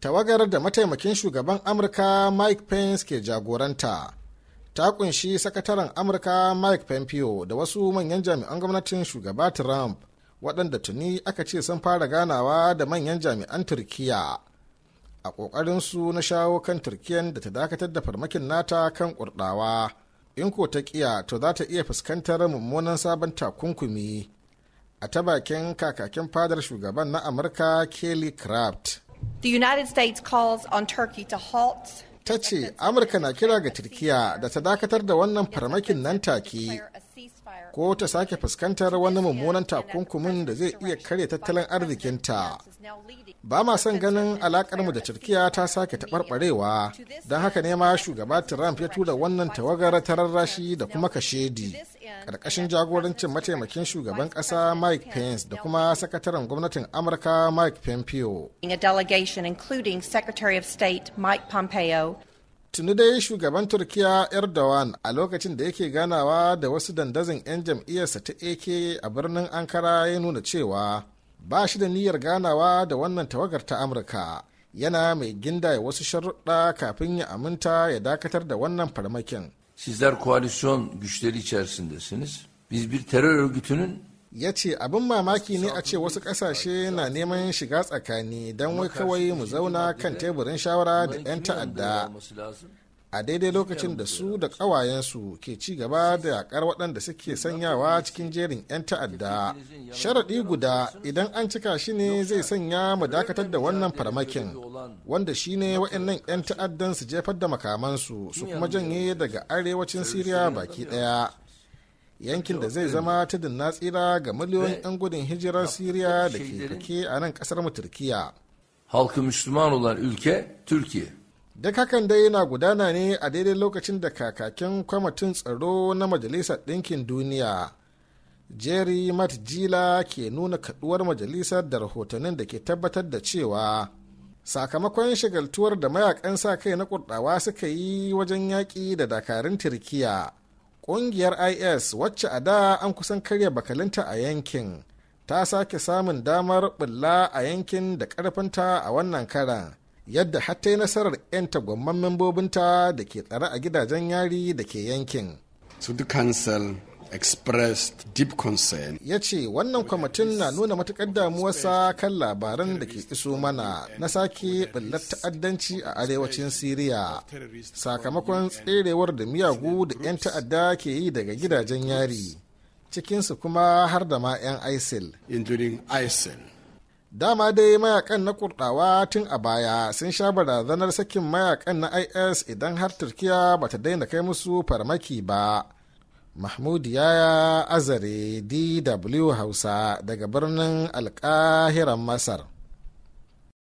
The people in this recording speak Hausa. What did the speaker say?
tawagar da mataimakin shugaban amurka mike pence ke jagoranta ta kunshi sakataren amurka mike pompeo da wasu manyan jami'an gwamnatin shugaba trump waɗanda tuni aka ce sun fara ganawa da manyan jami'an turkiya a ƙoƙarinsu na shawo kan turkiyan da ta dakatar da farmakin nata kan ƙurɗawa in ko ta ƙiya to za ta iya fuskantar mummunan sabon takunkumi a ta bakin kakakin fadar shugaban na amurka kelly craft The United States on Turkey to halt ta ce amurka na kira ga turkiya da ta dakatar da wannan farmakin nan take ko ta sake fuskantar wani mummunan takunkumin da zai iya karya tattalin arzikinta ba ma son ganin alakarmu da turkiya ta sake taɓarɓarewa don haka ne ma shugaba trump ya tura wannan tawagar tararrashi da kuma kashedi ƙarƙashin jagorancin mataimakin shugaban ƙasa mike pence da kuma sakataren gwamnatin amurka mike pompeo tuni dai shugaban turkiya erdogan a lokacin da yake ganawa da wasu dandazin 'yan jam'iyyarsa ta ak a birnin ankara ya nuna cewa ba shi da niyyar ganawa da wannan tawagar ta amurka yana mai ginda ya wasu sharuɗa kafin ya aminta ya dakatar da wannan farmakin sizler koalisyon güçleri içerisindesiniz. Biz bir terör örgütünün ya ce abin mamaki ne a ce wasu kasashe na neman shiga tsakani don wai kawai mu zauna kan teburin shawara da 'yan ta'adda a daidai lokacin da su da ƙawayensu ke ci gaba da yakar waɗanda suke sanyawa cikin jerin 'yan ta'adda sharaɗi guda idan an cika shi ne zai sanya mu dakatar da wannan farmakin wanda shi ne waɗannan 'yan ta'addan su jefar da makamansu su kuma janye daga arewacin siriya baki ɗaya yankin da zai zama eh. tudun na tsira ga miliyoyin 'yan gudun hijirar siriya da ke kake a nan kasar mu turkiya halkin musulman olan ülke turkiya duk hakan dai yana gudana ne a daidai lokacin da kakakin kwamitin tsaro na majalisar ɗinkin duniya jerry matjila ke nuna kaduwar majalisar da rahotannin da ke tabbatar da cewa sakamakon shigaltuwar da mayakan sa kai na kurdawa suka yi wajen yaƙi da dakarun turkiya kungiyar IS wacce a da an kusan karya bakalinta a yankin ta sake samun damar bulla a yankin da ƙarfinta a wannan karan yadda har yi nasarar 'yan tagwamman membobinta da ke tsare a gidajen yari da ke yankin. To the council expressed deep concern. Ya ce wannan kwamitin na nuna matukar damuwarsa kan labaran da ke iso mana na sake ɓullar ta'addanci a arewacin Siriya sakamakon tserewar da miyagu da 'yan ta'adda ke yi daga gidajen yari cikinsu kuma har da ma 'yan ISIL. Including ISIL. dama dai mayakan na kurdawa tun a baya sun sha barazanar sakin mayakan na is idan har turkiya ba ta daina kai musu farmaki ba mahmud yaya azare dw hausa daga birnin alkahiran masar